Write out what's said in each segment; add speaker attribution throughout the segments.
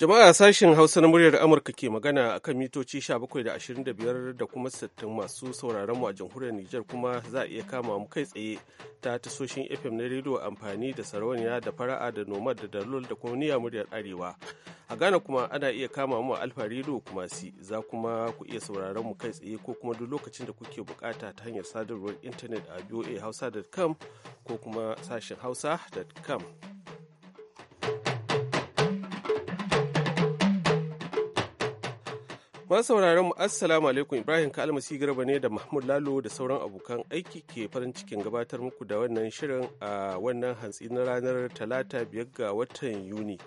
Speaker 1: Jama'a sashen Hausa na muryar Amurka ke magana a kan mitoci 17.25 da kuma 60 masu sauraron mu a jamhuriyar Nijar kuma za a iya kama mu kai tsaye ta tasoshin FM na rediyo amfani da sarauniya da fara'a da nomad da dalol da kuma niyyar muryar Arewa. A Ghana kuma ana iya kama mu a Alfa rediyo kuma si za kuma ku iya sauraron mu kai tsaye ko kuma duk lokacin da kuke bukata ta hanyar sadarwar intanet a voahausa.com ko kuma sashen hausa.com. Masu sauraron mu assalamu alaikum Ibrahim Kalmasi Garba ne da Mahmud Lalo da sauran abokan aiki ke farin cikin gabatar muku da wannan shirin a wannan hantsi na ranar talata biyar ga watan Yuni.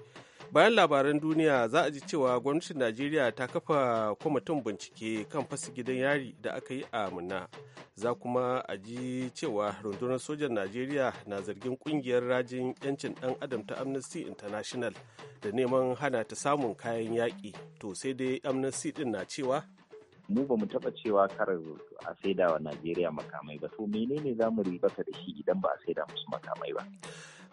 Speaker 1: bayan labaran duniya za a ji cewa gwamnatin najeriya ta kafa kwamitin bincike kan fasa gidan yari da aka yi a munna za kuma a ji cewa rundunar sojan najeriya na zargin kungiyar rajin yancin dan adam ta amnesty international da neman hana ta samun kayan yaƙi to sai dai amnesty din na cewa
Speaker 2: mu ba mu taba cewa karar a saida wa najeriya makamai ba to menene za mu ribata da shi idan ba a saida musu makamai ba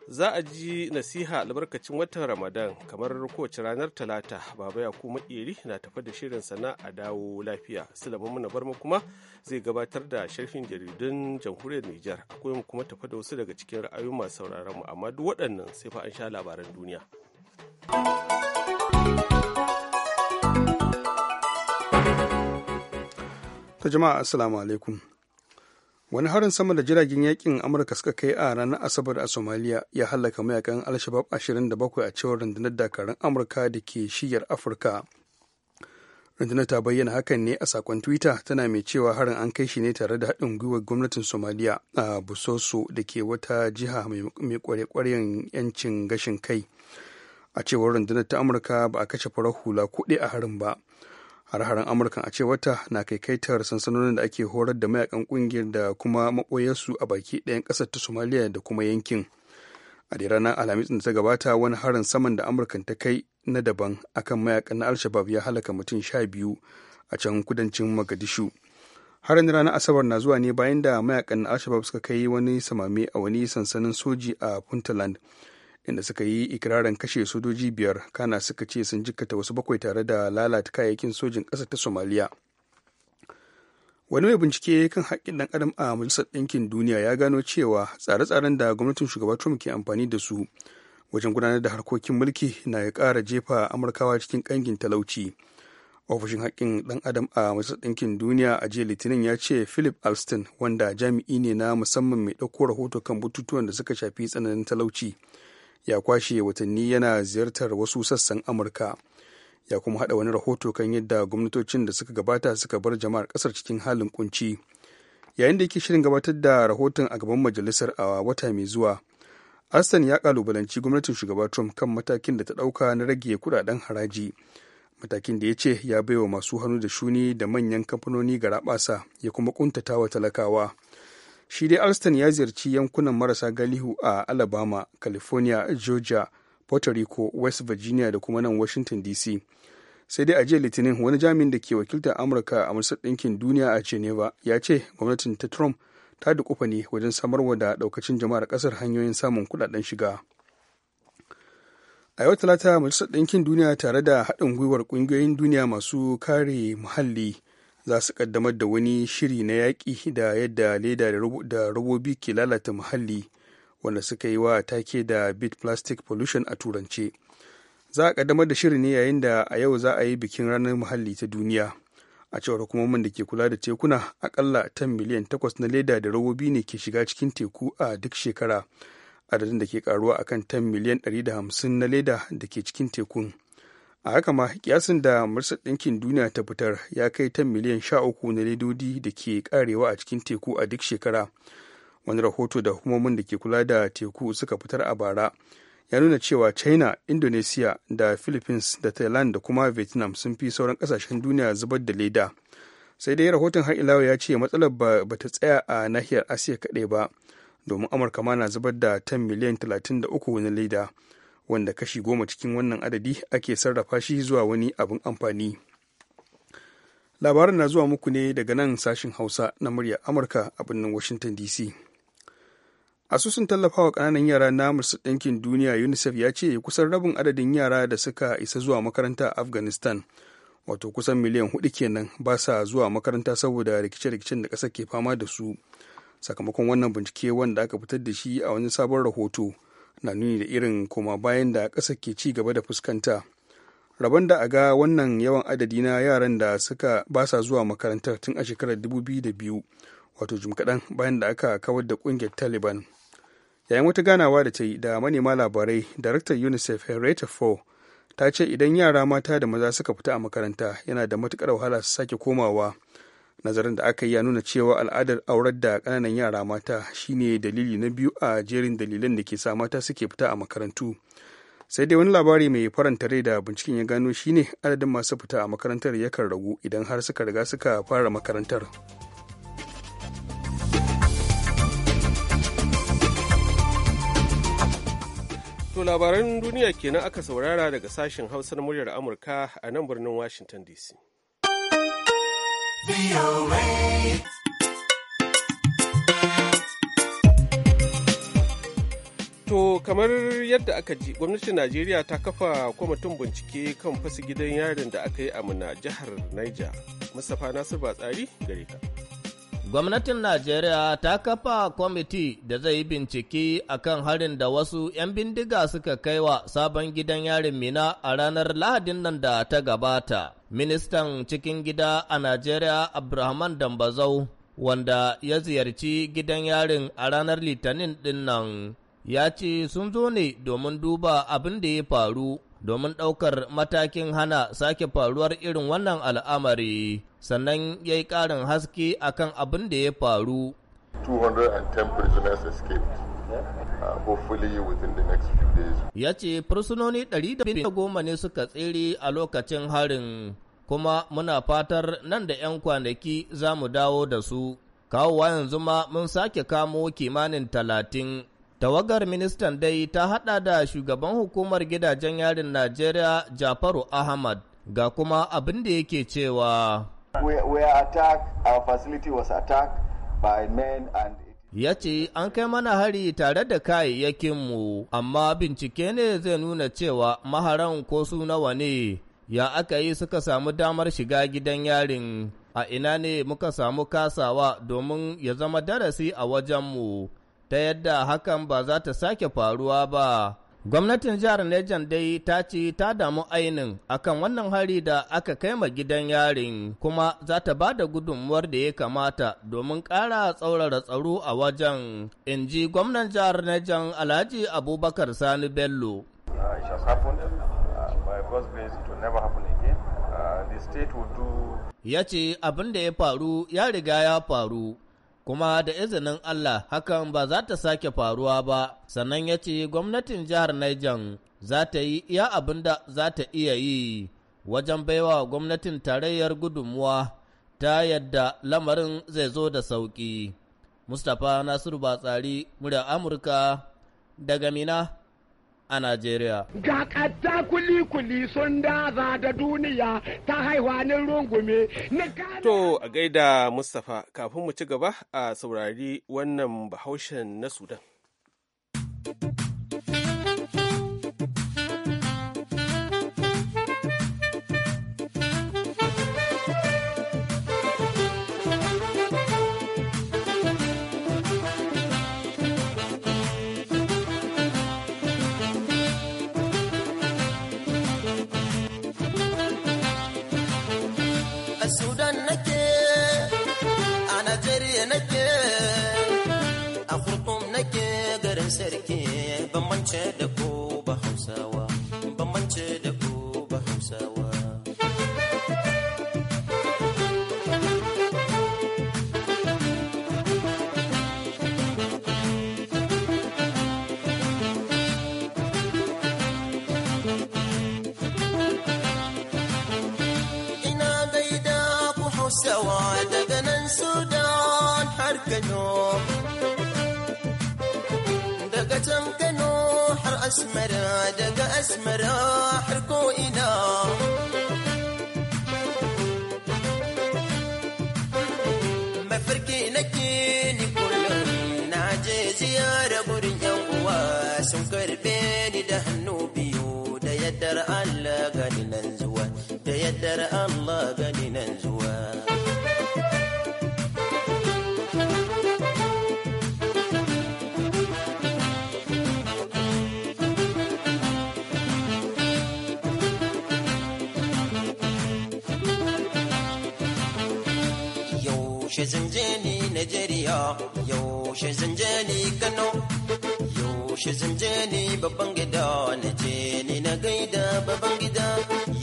Speaker 1: za a ji nasiha albarkacin watan ramadan kamar kowace ranar talata baba ya kuma iri na tafi da shirin sana a dawo lafiya mana muna barma kuma zai gabatar da sharhin jaridun jamhuriyar nijar akwai mu kuma tafi da wasu daga cikin ra'ayoyin masu sauraron mu amma duk waɗannan sai fa an sha labaran duniya
Speaker 3: ta jama'a assalamu alaikum wani harin sama da jiragen yakin amurka suka kai a ranar asabar a somaliya ya halaka mayakan alshabab 27 a cewar rundunar dakarun amurka da ke shiyar afirka rundunar ta bayyana hakan ne a sakon twitter tana mai cewa harin an kai shi ne tare da haɗin gwiwar gwamnatin somaliya a busoso da ke wata jiha mai kwarekwaren yancin gashin kai a cewar rundunar ta amurka ba a kashe farar hula kuɗi a harin ba har-haren amurkan a wata na kaikaitar sansanonin da ake horar da mayakan kungiyar da kuma makoyarsu a baki ɗayan ƙasar ta somaliya da kuma yankin a da ranar alhamis da ta gabata wani harin saman da amurka ta kai na daban akan mayakan na alshabab ya halaka mutum sha biyu a can kudancin magadishu harin ranar asabar na zuwa ne bayan da mayakan na alshabab suka kai wani samame a wani sansanin soji a puntland inda suka yi ikirarin kashe sojoji biyar kana suka ce sun jikkata wasu bakwai tare da lalata kayayyakin sojin ƙasa ta somaliya wani mai bincike kan haƙƙin ɗan adam a majalisar ɗinkin duniya ya gano cewa tsare-tsaren da gwamnatin shugaba trump ke amfani da su wajen gudanar da harkokin mulki na ya ƙara jefa amurkawa cikin ƙangin talauci ofishin haƙƙin ɗan adam a majalisar ɗinkin duniya a jiya litinin ya ce philip alston wanda jami'i ne na musamman mai ɗauko rahoto kan bututuwan da suka shafi tsananin talauci ya kwashe watanni yana ziyartar wasu sassan amurka ya kuma hada wani rahoto kan yadda gwamnatocin da suka gabata suka bar jama'ar kasar cikin halin kunci yayin da yake shirin gabatar da rahoton a gaban majalisar a wata mai zuwa aston ya kalubalanci gwamnatin shugaba trump kan matakin da ta dauka na rage kudaden haraji matakin da ya ce ya baiwa masu hannu da shuni da manyan kamfanoni ga rabasa ya kuma wa talakawa shi dai alston ya ziyarci yankunan marasa galihu a alabama california georgia puerto rico west virginia da kuma nan washington dc sai dai a jiya litinin wani jami'in da ke wakiltar amurka a majalisar ɗinkin duniya a geneva ya ce gwamnatin ta trump ta dukufa ne wajen samarwa da ɗaukacin jama'ar ƙasar hanyoyin samun kuɗaɗen shiga a yau talata majalisar ɗinkin duniya tare da haɗin gwiwar ƙungiyoyin duniya masu kare muhalli za su kaddamar da wani shiri na yaƙi da yadda leda da robobi ke lalata muhalli wanda suka yi wa take da bit plastic pollution a turance za a kaddamar da shiri ne yayin da a yau za a yi bikin ranar muhalli ta duniya a cewar hukumomin da ke kula da tekuna akalla 10 miliyan takwas na leda da robobi ne ke shiga cikin teku a duk shekara adadin da ke karuwa akan 10 miliyan 150 na leda da ke cikin tekun a haka ma kiyasin da majalisar ɗinkin duniya ta fitar ya kai ta miliyan sha uku na ledodi da ke karewa a cikin teku a duk shekara wani rahoto da hukumomin da ke kula da teku suka fitar a bara ya nuna cewa china indonesia da philippines da thailand da kuma vietnam sun fi sauran kasashen duniya zubar da leda sai dai rahoton har ilawa ya ce matsalar ba ta tsaya a nahiyar asiya kaɗai ba domin amurka ma na zubar da tan miliyan talatin da uku na leda wanda kashi goma cikin wannan adadi ake sarrafa shi zuwa wani abin amfani labaran na zuwa muku ne daga nan sashin hausa na murya amurka a birnin washington dc asusun tallafawa kananan yara na ɗinkin duniya unicef ya ce kusan rabin adadin yara da suka isa zuwa makaranta a afghanistan wato kusan miliyan hudu kenan ba sa zuwa makaranta saboda rikice-rikicen da ƙasa ke fama da su sakamakon wannan bincike wanda aka fitar da shi a wani sabon rahoto na nuni da irin koma bayan da ƙasa ke ci gaba da fuskanta rabon da a ga wannan yawan adadi na yaran da suka basa zuwa makarantar tun a shekarar 2002 wato jim kaɗan bayan da aka kawar da ƙungiyar taliban yayin wata ganawa da ta yi da manema labarai daraktar unicef henrietta fore ta ce idan yara mata da maza suka fita a makaranta yana da matuƙar wahala su sake komawa nazarin da aka yi ya nuna cewa al'adar aurar da ƙananan yara mata shine dalili na biyu a jerin dalilan da ke sa mata suke fita a makarantu sai dai wani labari mai faranta rai da binciken ya gano shine adadin masu fita a makarantar yakan ragu idan har suka riga suka fara makarantar
Speaker 1: To labaran duniya kenan aka saurara daga sashen hausar muryar amurka a nan birnin washington dc To kamar yadda aka ji gwamnatin Najeriya ta kafa kwamitin bincike kan fasa gidan yarin da aka yi a Muna jihar Niger. Mustapha Nasir Batsari gare ka.
Speaker 2: Gwamnatin Najeriya ta kafa kwamiti da zai yi binciki a kan harin da wasu 'yan bindiga suka kai wa sabon gidan yarin Mina a ranar Lahadin nan da ta gabata. Ministan cikin gida a Najeriya Abrahaman Dambazau, wanda ya ziyarci gidan yarin a ranar Litinin ɗin nan, ya ce sun zo ne domin duba abin da ya faru domin ɗaukar matakin hana sake faruwar irin wannan al'amari sannan ya yi ƙarin haske akan abin da ya faru.
Speaker 4: 210 prisoners escaped. Uh, hopefully within the
Speaker 2: Ya ce fursunoni 110 ne suka tsere a lokacin harin kuma muna fatar nan da 'yan kwanaki za mu dawo da su. Kawowa yanzu ma mun sake kamo kimanin talatin Tawagar ministan dai ta haɗa da shugaban hukumar gidajen yarin Najeriya Jafaru Ahmad ga kuma abin da yake cewa. Ya ce an kai mana hari tare da kayayyakinmu, amma bincike ne zai nuna cewa maharan ko su nawa ne, ya aka yi suka samu damar shiga gidan yarin, a ina ne muka samu kasawa domin ya zama darasi a wajenmu. ta yadda hakan ba za ta sake faruwa ba. Gwamnatin jihar Nejan dai ta ce ta damu ainin akan wannan hari da aka kai ma gidan yarin kuma za ta ba da gudunmuwar da ya kamata domin ƙara tsaurara tsaro a wajen, in ji gwamnan jihar Nejan Alhaji Abubakar Sani Bello. Uh,
Speaker 1: uh, uh,
Speaker 2: ya ce abin da ya faru ya riga ya faru. kuma da izinin Allah hakan ba za ta sake faruwa ba, sannan ya ce gwamnatin jihar Niger za ta yi iya abin da za ta iya yi wajen baiwa gwamnatin tarayyar gudunmuwa ta yadda lamarin zai zo da sauƙi. Mustapha Nasiru Batsari, murya Amurka, daga Mina a Najeriya.
Speaker 4: Ga ƙatta
Speaker 5: kuli-kuli sun daza da duniya ta haihuwanin rungume.
Speaker 2: To
Speaker 1: a gaida Mustapha kafin mu ci gaba a saurari wannan bahaushen na Sudan.
Speaker 4: ce da ku ba hausawa مراح ركوئنا mafarki nake ni kullum na je ziyara gurin yan uwa sun karbe ni da hannu biyu da yaddar Allah gani nan zuwa da yaddar Allah gani nan yaushe zanje ni Najeriya yaushe zanje ni Kano yaushe zanje ni babban gida na je ni na gaida babban gida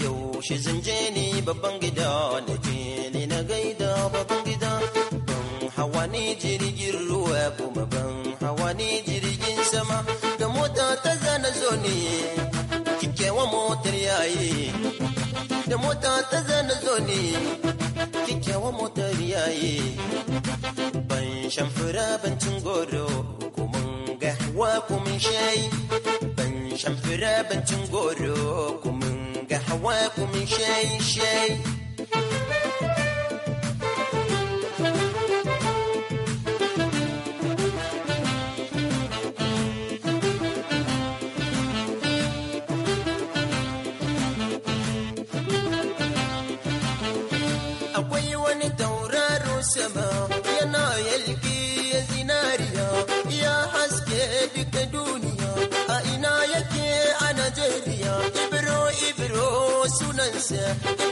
Speaker 4: yaushe zanje ni babban gida na je ni na gaida babban gida ban hawa ni jirgin ruwa kuma ban hawa ni jirgin sama da mota ta zana zo ni kikewa motar yayi da mota ta zana zo ni kyakkyawan motar yayi. ban shan fura ban cin ko mun ga hawa ko mun shayi ban shan fura ban cin ko mun ga hawa ko mun shayi shayi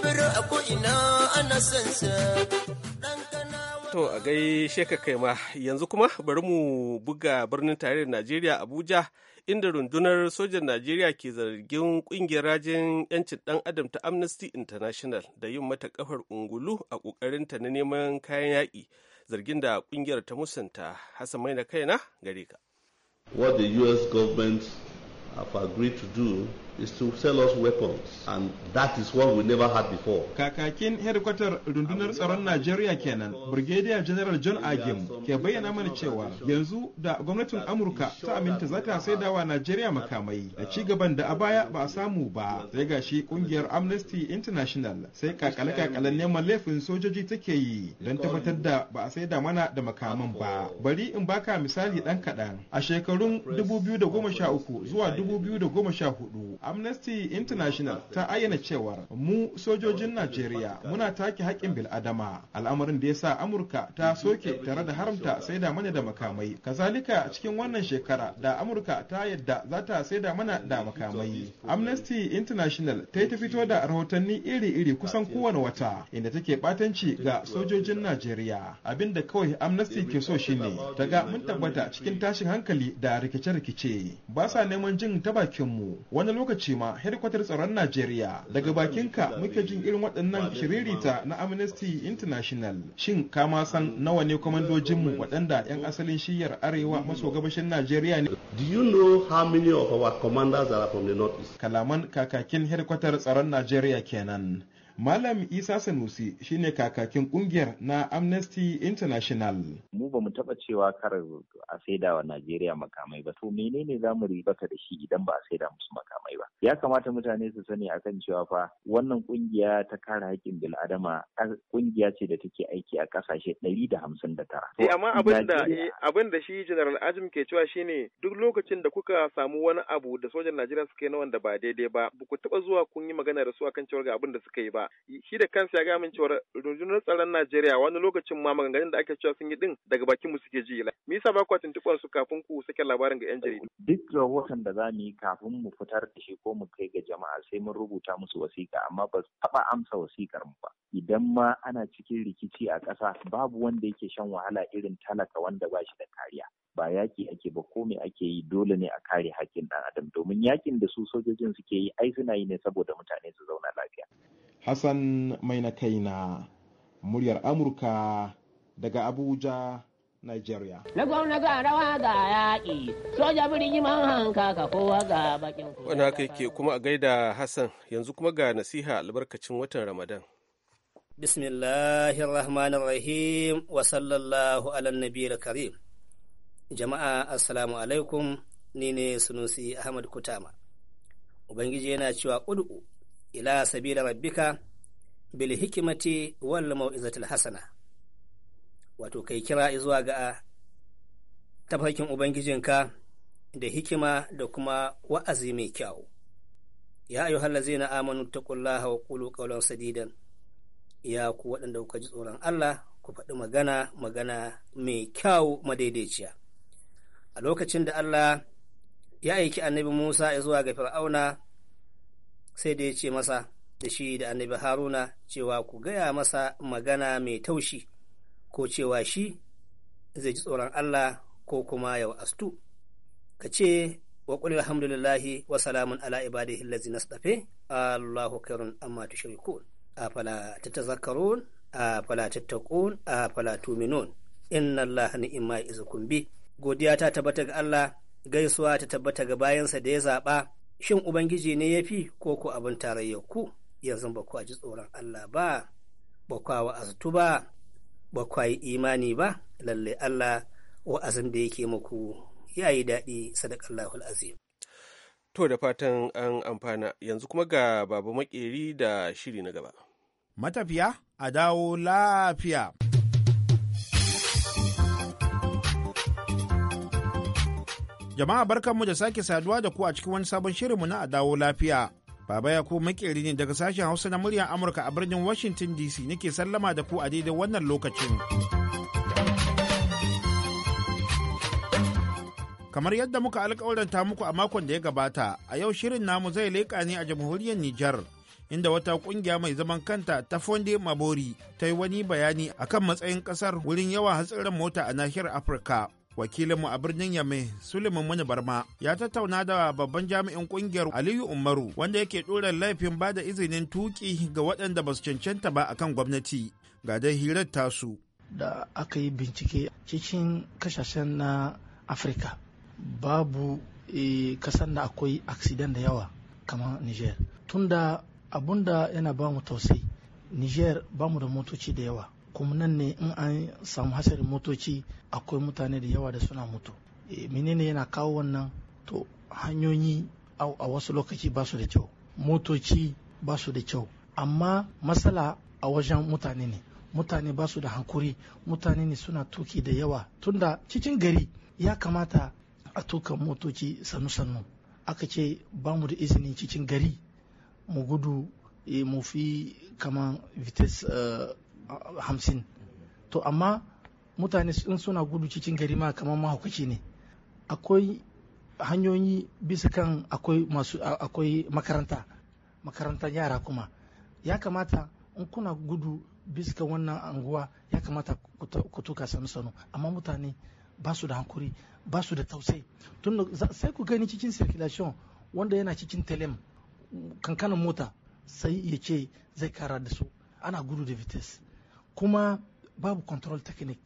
Speaker 4: biro a ko'ina ana sansa.
Speaker 1: To a gaishe ka kai ma yanzu kuma bari mu buga birnin tarihin Najeriya Abuja inda rundunar sojan Najeriya ke zargin kungiyar rajin 'yancin ɗan adam ta Amnesty International da yin mata kafar ungulu a ƙoƙarinta na neman kayan yaƙi zargin da kungiyar ta musanta Hassan mai na kaina gare ka.
Speaker 6: What the US government have agreed to do is to sell us weapons and that is what we never had before. Kakakin hedikwatar rundunar tsaron Najeriya kenan Brigadier General John Agim ke bayyana mana cewa yanzu da gwamnatin Amurka ta aminta za ta sai saidawa Najeriya makamai da ci gaban da a baya ba a samu ba sai gashi kungiyar Amnesty International sai kakale-kakalen neman laifin sojoji take yi don tabbatar da ba a da mana da makaman ba. Bari in baka misali dan kaɗan a shekarun 2013 zuwa 2014 amnesty international ta ayyana cewar mu sojojin najeriya muna take haƙƙin bil'adama al'amarin da ya sa amurka ta soke tare da haramta sai da mana da makamai kazalika cikin wannan shekara da amurka ta yadda za ta da mana da makamai amnesty international ta yi ta fito da rahotanni iri-iri kusan kowane wata inda take batanci ga sojojin najeriya abinda kawai amnesty ke so shine ta ga mun tabbata cikin tashin hankali da rikice-rikice ba sa neman jin ta bakinmu wani lokaci lokaci ma hedikwatar tsaron Najeriya daga bakin ka muke jin irin waɗannan shiririta na Amnesty International. Shin ka ma san nawa ne mu waɗanda 'yan asalin shiyar arewa maso gabashin Najeriya ne? Do you know how many of our commanders are from the northeast? Kalaman kakakin hedikwatar tsaron Najeriya kenan. Malam Isa Sanusi shine kakakin kungiyar na Amnesty International.
Speaker 2: Mu ba mu taba cewa kar a saida wa Najeriya makamai ba. To menene za mu ribata da shi idan ba a saida musu makamai ba? Ya kamata mutane su sani akan cewa fa wannan kungiya ta kare haƙƙin bil'adama kungiya ce da take aiki a ƙasashe ɗari da hamsin da tara. Eh amma eh,
Speaker 6: abin da shi General Ajim ke cewa shine duk lokacin da kuka samu wani abu da sojan Najeriya suka yi na wanda ba daidai ba, ba ku taɓa zuwa kun yi magana da su akan cewar ga abin da suka yi ba. shi da kansa ya ga min cewa rundunar tsaron Najeriya wani lokacin ma maganganun da ake cewa sun yi din daga bakin mu suke ji me yasa ba ku tuntuɓar su kafin ku sake labarin ga yan jaridu?
Speaker 2: duk rahoton da za mu yi kafin mu fitar da shi ko mu kai ga jama'a sai mun rubuta musu wasiƙa amma ba su taɓa amsa wasiƙar mu ba idan ma ana cikin rikici a ƙasa babu wanda yake shan wahala irin talaka wanda ba shi da kariya ba yaki ake ba ko me ake yi dole ne a kare hakkin ɗan adam domin yakin da su sojojin suke yi ai suna yi ne saboda mutane su zauna lafiya
Speaker 6: Hassan mai na kai na muryar Amurka daga Abuja, Nigeria.
Speaker 7: Na gwamna ga rawa ga yaƙi, soja birni man hanka ka kowa ga bakin
Speaker 1: kuma. Wani haka yake kuma a gaida Hassan yanzu kuma ga nasiha albarkacin watan Ramadan. Bismillahir Rahmanir
Speaker 7: Rahim wa sallallahu ala nabiyil karim. Jama'a assalamu alaikum ni ne Sunusi Ahmad Kutama. Ubangiji yana cewa ƙudu'u ila sabila rabbika bil hikimati wal mau'izatil hasana wato kai kira zuwa ga tafarkin ubangijinka da hikima da kuma wa'azi mai kyau ya ayu hallazina amanu taqullaha wa qulu qawlan sadidan ya ku waɗanda kuka ji tsoron Allah ku faɗi magana magana mai kyau madaidaiciya a lokacin da Allah ya aiki annabi Musa zuwa ga Fir'auna sai da ya ce masa da shi da annabi haruna cewa ku gaya masa magana mai taushi ko cewa shi zai ji tsoron Allah ko kuma yau astu ka ce wa qul alhamdulillahi wa salamun ala ibadihi allazina istafe Allahu khairun amma tushrikun afala tatazakkarun afala tattaqun afala tuminun inna Allaha ni'ma izukum bi godiya ta tabbata ga Allah gaisuwa ta tabbata ga bayansa da ya zaɓa shin Ubangiji ne ya fi ko ku abin tarayya ku yanzu ba ku ji tsoron Allah ba, ba ku wa'azatu ba, ba
Speaker 1: ku yi imani ba,
Speaker 7: lalle Allah wa'azin da yake muku ya yi
Speaker 1: daɗi sadakallahul azim. To da fatan an amfana yanzu kuma ga babu Makeri da shiri na gaba.
Speaker 5: Matafiya a dawo lafiya. Jama'a barkanmu da sake saduwa da ku a cikin wani sabon mu na a dawo lafiya. Baba ya ko makeri ne daga sashen Hausa na muryar Amurka a birnin Washington DC nake sallama da ku a daidai wannan lokacin. Kamar yadda muka ta muku a makon da ya gabata, a yau shirin namu zai leƙa ne a jamhuriyar Nijar. inda wata kungiya mai zaman kanta ta Fonde Mabori ta yi wani bayani akan matsayin kasar wurin yawan hatsarin mota a nahiyar Afirka. wakilinmu a birnin yame suleiman muni barma ya tattauna da babban jami'in kungiyar aliyu umaru wanda yake ɗora laifin ba da izinin tuki ga waɗanda ba su cancanta ba akan gwamnati ga dai hirar tasu
Speaker 8: da aka yi bincike cikin kasashen na afirka babu e, kasan da akwai aksidan da yawa kamar niger tunda abunda yana ba mu tausayi niger ba mu da motoci da yawa kuma nan ne in an samu hasarin motoci akwai mutane da yawa da suna mutu eh, menene yana kawo wannan to hanyoyi a wasu lokaci ba su da kyau motoci ba su da kyau amma matsala a wajen mutane ne mutane ba su da hankuri mutane ne suna tuki da yawa tunda cikin gari ya kamata a tuka motoci sannu-sannu aka ce ba mu da izinin cikin gari mu gudu eh, mu fi kaman vitesse eh, hamsin to amma mutane in suna gudu cikin gari ma kamar mahaukaci ne akwai hanyoyi bisa kan akwai masu akwai makaranta makarantar yara kuma ya kamata in kuna gudu bisa kan wannan anguwa ya kamata ku tuka sanu sanu amma mutane ba su da hankuri ba su da tausayi tun sai ku gani cikin circulation wanda yana cikin telem kankanin mota sai ya ce zai kara da su ana gudu da vitesse kuma babu control technique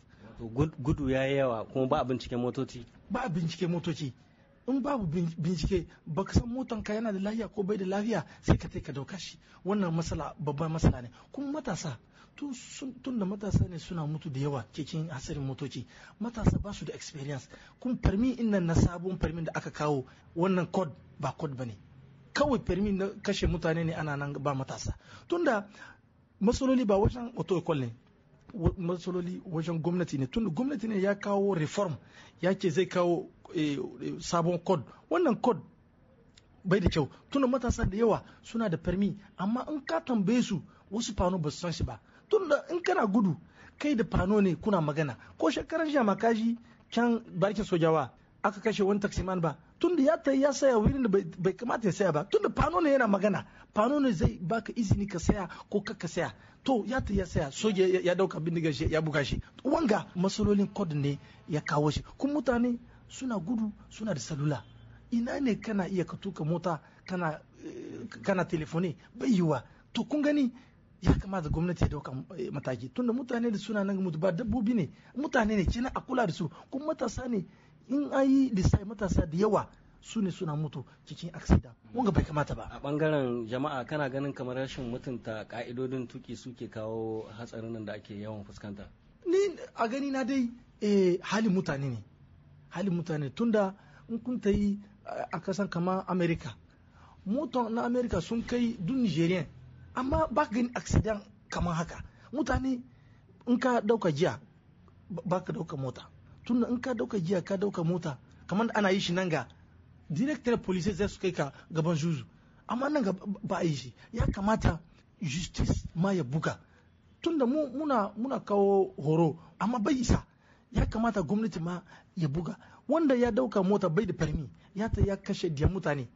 Speaker 9: gudu ya yi yawa kuma ba bincike motoci
Speaker 8: ba bincike motoci in babu bincike ba ka san motan ka yana da lafiya ko bai da lafiya sai ka ka dauka shi wannan masala babban matsala ne kuma matasa tun da matasa ne suna mutu da yawa cikin hatsarin motoci matasa ba su da experience kuma farmi innan na sabon farmin da aka kawo wannan code ba code ba ne kawai farmi na kashe mutane ne ana nan ba matasa da. matsaloli ba wajen auto ne matsaloli wajen gwamnati ne tun gwamnati ne ya kawo reform ya ce zai kawo eh, eh, sabon code wannan code bai da kyau tun matasa da yawa suna da farmi amma in ka tambaye su wasu fano ba su san shi ba da in kana gudu kai da fano ne kuna magana ko shekaran jama kaji can barkin sojawa aka kashe wani taximan ba tun da ya ta ya saya wurin da bai kamata ya saya ba tun da fano ne yana magana fano ne zai baka izini ka saya ko ka saya to ya ta ya saya soja ya dauka bindigar shi ya buga shi wanga masalolin kod ne ya kawo shi kuma mutane suna gudu suna da salula ina ne kana iya ka tuka mota kana eh, kana telefone bai yiwa to kun gani ya kamata gwamnati ya dauka eh, mataki tunda mutane da suna nan mutu ba dabbobi ne mutane ne kina a kula da su kuma matasa ne in a yi lissafi matasa da yawa su ne suna mutu cikin aksida wanga bai kamata ba a
Speaker 9: bangaren jama'a kana ganin kamar rashin mutunta ka'idodin tuki suke kawo hatsarin nan da ake yawan fuskanta
Speaker 8: ni a gani na dai e halin mutane ne halin mutane tunda in kun ta yi eh, a kasan kama america mutan na america sun kai duk nigerian amma ba gani aksidan kamar haka mutane in ka dauka jiya ba ka dauka mota tunda in ka dauka giya ka dauka mota kamar da ana yi shi nan ga director police zai su kai ka gaban juju amma nan ga ba a yi shi ya kamata justice ma ya buga tunda mu muna muna kawo horo amma bai isa ya kamata gwamnati ma ya buga wanda ya dauka mota bai da farmi ya ta ya kashe diya mutane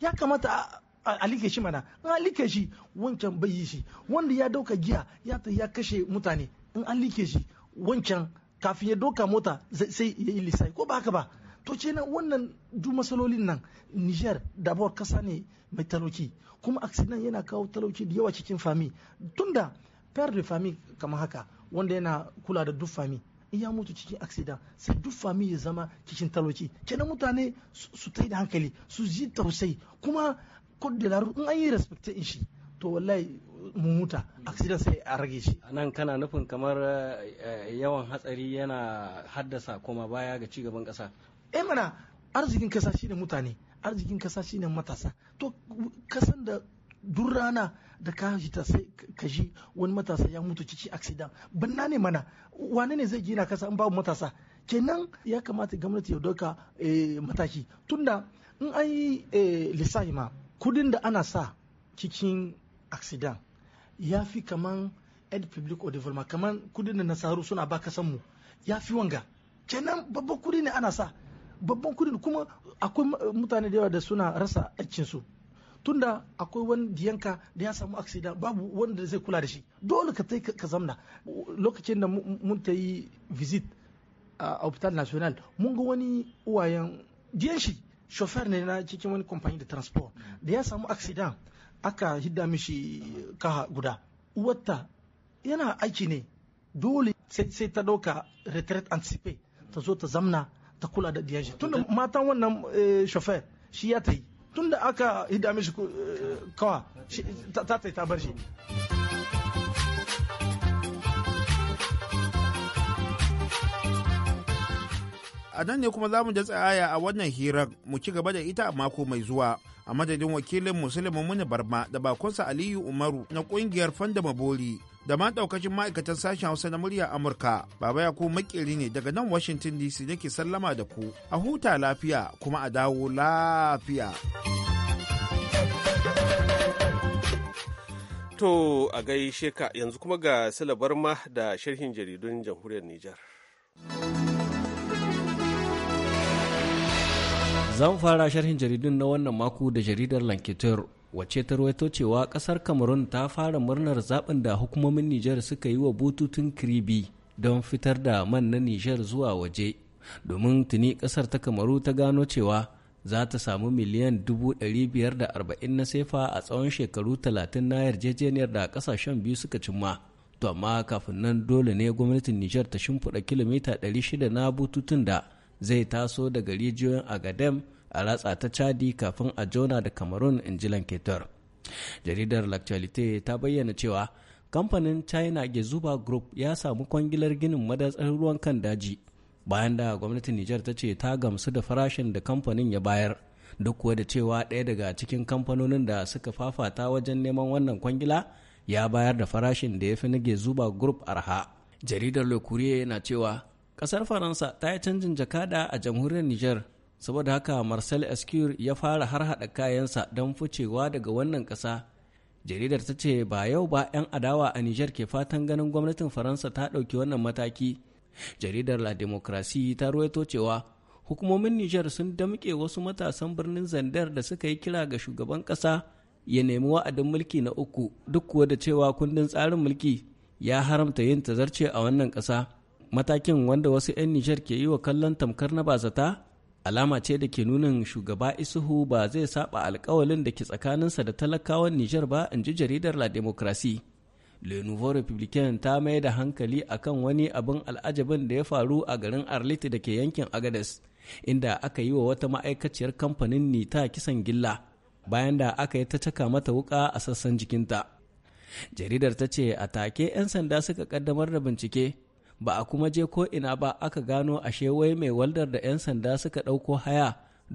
Speaker 8: ya kamata a like shi mana in an like shi wancan bai yi shi wanda ya dauka giya ya ta ya kashe mutane in an like shi wancan kafin ya doka mota sai ya yi ko ba haka ba to ce nan wannan du matsalolin nan niger bawar kasa ne mai talauci kuma accident yana kawo talauci da yawa cikin fami tunda per de fami kamar haka wanda yana kula da duk fami in ya mutu cikin aksidan sai duk fami ya zama cikin talauci kenan mutane su tai da hankali su ji tausayi kuma kodilaru in an yi respectin shi to wallahi mumuta
Speaker 9: accident sai a rage shi nan kana nufin kamar eh, yawan hatsari yana haddasa kuma baya ga cigaban kasa
Speaker 8: eh mana arzikin kasa shine mutane arzikin kasa shine matasa to kasan da duk rana da ka ta sai ka wani matasa ya mutu cici accident banna ne mana wane ne zai gina kasa in babu matasa kenan ya kamata gwamnati ya doka eh, mataki tunda in an yi eh, lissafi ma kudin da ana sa cikin accident ya fi kaman aid public or development kaman kudin da nasaru suna baka san mu ya fi wanga kenan babban kudi ne ana sa babban kudi kuma akwai mutane da yawa da suna rasa aikin su tunda akwai wani diyanka da ya samu aksida babu wanda zai kula da shi dole ka ka zamna lokacin da mun ta yi visit a hospital national mun ga wani uwayen diyan shi chauffeur ne na cikin wani kamfani da transport mm. da ya samu aksida aka hidda mishi kaha guda wata yana aiki ne dole sai ta dauka retret anticipate ta zo ta zamna ta kula da diyashi tunda matan wannan eh, shofar shi ya ta yi tunda aka hidda mishi eh, kawa ta ta bar shi
Speaker 5: a nan ne kuma za mu da tsaya a wannan hirar mu ci gaba da ita a mako mai zuwa a madadin wakilin musulmin muni barma da bakonsa aliyu umaru na kungiyar fanda mabori da ma daukacin ma'aikatan sashen hausa na murya amurka baba ya ku makeri ne daga nan washington dc nake sallama da ku a huta lafiya kuma a dawo lafiya
Speaker 1: to a gaishe ka yanzu kuma ga silabar ma da sharhin jaridun jamhuriyar nijar
Speaker 9: Zan fara sharhin jaridun na wannan mako da jaridar Lankitar wace ta rawaito cewa kasar kamarun ta fara murnar zaben da hukumomin Nijar suka yi wa bututun kiribi don fitar da man na Nijar zuwa waje. Domin tuni kasar ta Kamaru ta gano cewa za ta samu miliyan 540 na sefa a tsawon shekaru 30 na yarjejeniyar da kasashen biyu suka cimma. To amma kafin nan dole ne gwamnatin Nijar ta shimfiɗa kilomita 600 na bututun da zai taso daga rijiyoyin agadem a ratsa ta chadi kafin a jona da cameroon in ji lanketar jaridar l'actualité ta bayyana cewa kamfanin china gezuba group ya samu kwangilar ginin madatsar ruwan kan daji bayan da gwamnatin niger ta ce ta gamsu da farashin da kamfanin ya bayar duk kuwa da cewa ɗaya daga cikin kamfanonin da suka fafata wajen neman wannan kwangila ya bayar da farashin da ya fi na gezuba group arha jaridar le yana cewa Ƙasar Faransa ta yi canjin jakada a jamhuriyar Nijar, saboda haka Marcel Escur ya fara har haɗa kayansa don ficewa daga wannan ƙasa. Jaridar ta ce ba yau ba 'yan adawa a Nijar ke fatan ganin gwamnatin Faransa ta ɗauki wannan mataki. Jaridar La Demokrasi ta ruwaito cewa hukumomin Nijar sun damƙe wasu matasan birnin Zandar da suka yi kira ga shugaban ƙasa ya nemi wa'adin mulki na uku duk kuwa da cewa kundin tsarin mulki ya haramta yin tazarce a wannan ƙasa. matakin wanda wasu 'yan nijar ke yi wa kallon tamkar na bazata alama ce da ke nunin shugaba isuhu ba zai saba alkawalin da ke tsakaninsa da talakawan nijar ba in ji jaridar la demokrasi le nouveau republicain ta mai da hankali akan wani abin al'ajabin da ya faru a garin arlit da ke yankin agades inda aka yi wa wata ma'aikaciyar kamfanin nita kisan gilla bayan da aka yi ta caka mata wuka a sassan jikinta jaridar ta ce a take 'yan sanda suka kaddamar da bincike ba a kuma je ko ina ba aka gano ashe wai mai waldar da 'yan sanda suka ɗauko haya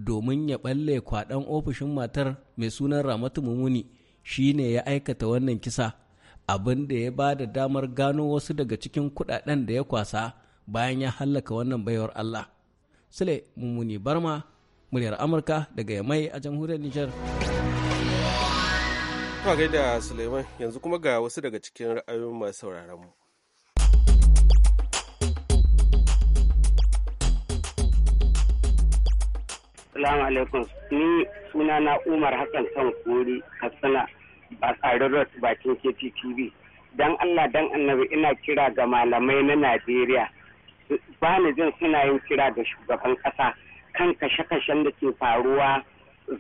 Speaker 9: domin ya ɓalle kwaɗan ofishin matar mai sunan ramatu mumuni shi ne ya aikata wannan kisa abin da ya ba da damar gano wasu daga cikin kuɗaɗen da ya kwasa bayan ya hallaka wannan baiwar Allah. Sule Mumuni Barma, muryar Amurka daga Yamai a jamhuriyar Nijar.
Speaker 1: Kwa gaida Suleiman yanzu kuma ga wasu daga cikin ra'ayoyin masu sauraron mu.
Speaker 7: Assalamu alaikum. Ni suna na Umar Hassan kan kori Hassana ba tsarin Road bakin KTTV. Dan Allah dan annabi ina kira ga malamai na Najeriya. Ba ni jin suna yin kira ga shugaban ƙasa kan kashe-kashen da ke faruwa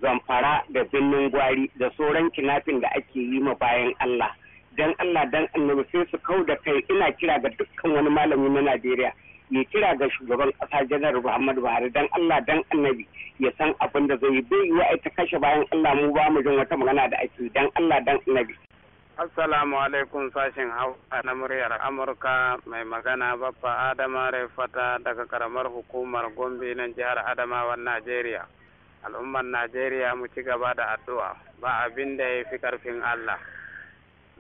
Speaker 7: zamfara da birnin gwari da sauran kinafin da ake yi ma bayan Allah. Dan Allah dan annabi sai su kau da kai ina kira ga dukkan wani malami na Najeriya. ya kira ga shugaban kasa janar muhammadu buhari dan allah dan annabi ya san abin da zai yi bai yi ita kashe bayan allah mu ba mu jin wata magana da ake dan allah dan
Speaker 2: annabi
Speaker 5: assalamu alaikum sashen hausa na muryar amurka mai magana baffa adama fata daga karamar hukumar gombe na jihar adamawa najeriya al'ummar najeriya mu ci gaba da addu'a ba abin da ya fi karfin allah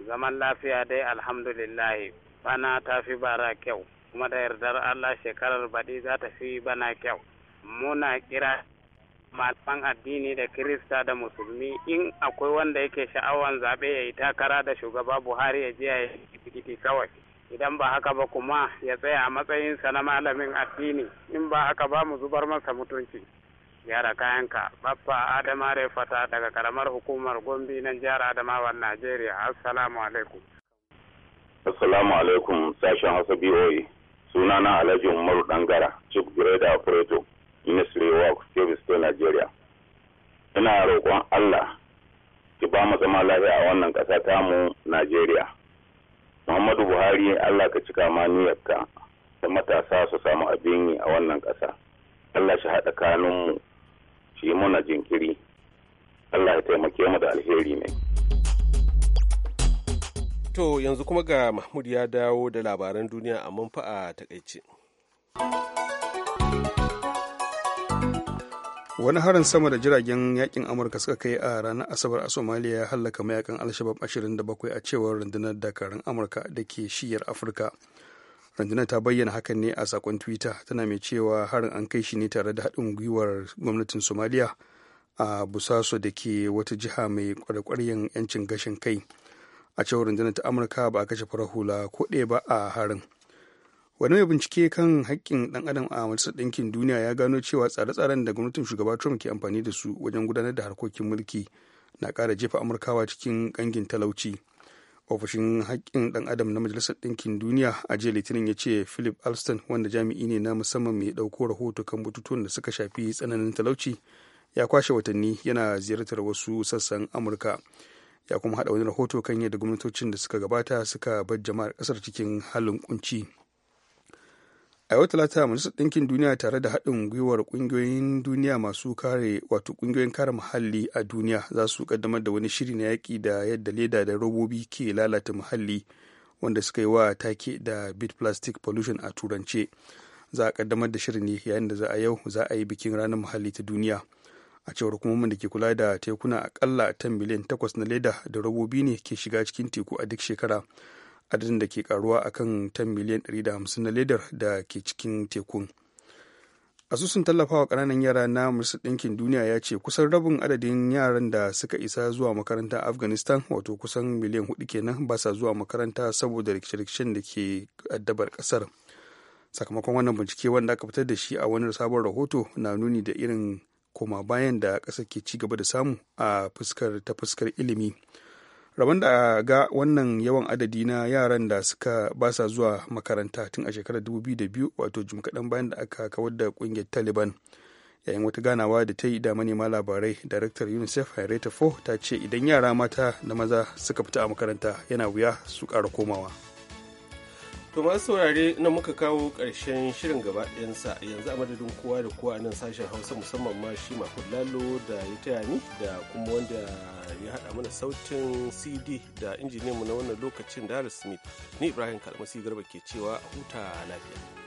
Speaker 5: zaman lafiya dai alhamdulillahi bana ta fi bara kyau kuma da yardar Allah shekarar baɗi za ta fi bana kyau muna kira malaman addini da kirista da musulmi in akwai wanda yake sha'awan zaɓe ya yi takara da shugaba buhari ya je ya yi kawai idan ba haka ba kuma ya tsaya a matsayinsa na malamin addini in ba haka ba mu zubar masa mutunci gyara kayanka baffa adama Refata daga karamar hukumar gombe nan jihar adamawa najeriya assalamu alaikum
Speaker 2: assalamu alaikum sashen hausa boa sunana alhaji umaru dangara chief grader operator ministry work service to nigeria ina roƙon allah ki ba mu zama lafiya a wannan ƙasa ta mu nigeria muhammadu buhari allah ka cika ma niyyarka da matasa su samu abin yi a wannan ƙasa allah shi haɗa kanunmu shi muna jinkiri allah ya taimake mu da alheri ne.
Speaker 1: To yanzu kuma ga Mahmud ya dawo da labaran duniya a manfa a takaice.
Speaker 3: Wani harin sama da jiragen yakin Amurka suka kai a ranar Asabar a Somalia ya hallaka mayakan Alshabab 27 a cewar rundunar dakarun Amurka da ke shiyar Afirka. Rundunar ta bayyana hakan ne a sakon Twitter tana mai cewa harin an kai shi ne tare da haɗin gwiwar gwamnatin Somalia a Busaso da ke wata jiha mai kwarkwaryen 'yancin gashin kai. a cewar rundunar ta amurka ba a kashe farar hula ko ɗaya ba a harin wani mai bincike kan haƙƙin ɗan adam a majalisar ɗinkin duniya ya gano cewa tsare-tsaren da gwamnatin shugaba trump ke amfani da su wajen gudanar da harkokin mulki na ƙara jefa amurkawa cikin ƙangin talauci ofishin haƙƙin ɗan adam na majalisar ɗinkin duniya a jiya litinin ya ce philip alston wanda jami'i ne na musamman mai ɗauko rahoto kan bututun da suka shafi tsananin talauci ya kwashe watanni yana ziyartar wasu sassan amurka ya kuma hada wani rahoto kan yadda gwamnatocin da suka gabata suka bar jama'ar kasar cikin halin kunci a yau talata majalisar ɗinkin duniya tare da haɗin gwiwar ƙungiyoyin duniya masu kare wato ƙungiyoyin kare muhalli a duniya za su kaddamar da wani shiri na yaƙi da yadda leda da robobi ke lalata muhalli wanda suka yi wa take da bit plastic pollution a turance za a kaddamar da shirin ne yayin da za a yau za a yi bikin ranar muhalli ta duniya a cewar hukumomin da ke kula da tekuna akalla tan miliyan takwas na leda da robobi ne ke shiga cikin teku a duk shekara adadin da ke karuwa a kan tan miliyan 150 na ledar da ke cikin tekun asusun tallafawa kananan yara na majalisar ɗinkin duniya ya ce kusan rabin adadin yaran da suka isa zuwa makaranta afghanistan wato kusan miliyan hudu kenan ba sa zuwa makaranta saboda rikice-rikicen da ke addabar kasar sakamakon wannan bincike wanda aka fitar da shi a wani sabon rahoto na nuni da irin koma bayan da ƙasa ke ci gaba da samu a fuskar ta fuskar ilimi rabon da ga wannan yawan adadi na yaran da suka basa zuwa makaranta tun a shekarar 2002 wato jim kaɗan bayan da aka kawar da ƙungiyar taliban yayin wata ganawa da ta yi da manema labarai daraktar unicef henrietta fo ta ce idan yara mata da maza suka fita a makaranta yana wuya su ƙara komawa
Speaker 1: To masu saurare na muka kawo karshen shirin gaba ɗayansa yanzu a madadin kowa da kowa nan sashen Hausa musamman ma shi Lalo da ya taya ni da kuma wanda ya haɗa mana sautin CD da injiniyanmu na wannan lokacin Dara Smith. Ni Ibrahim Kalmasi Garba ke cewa huta lafiya.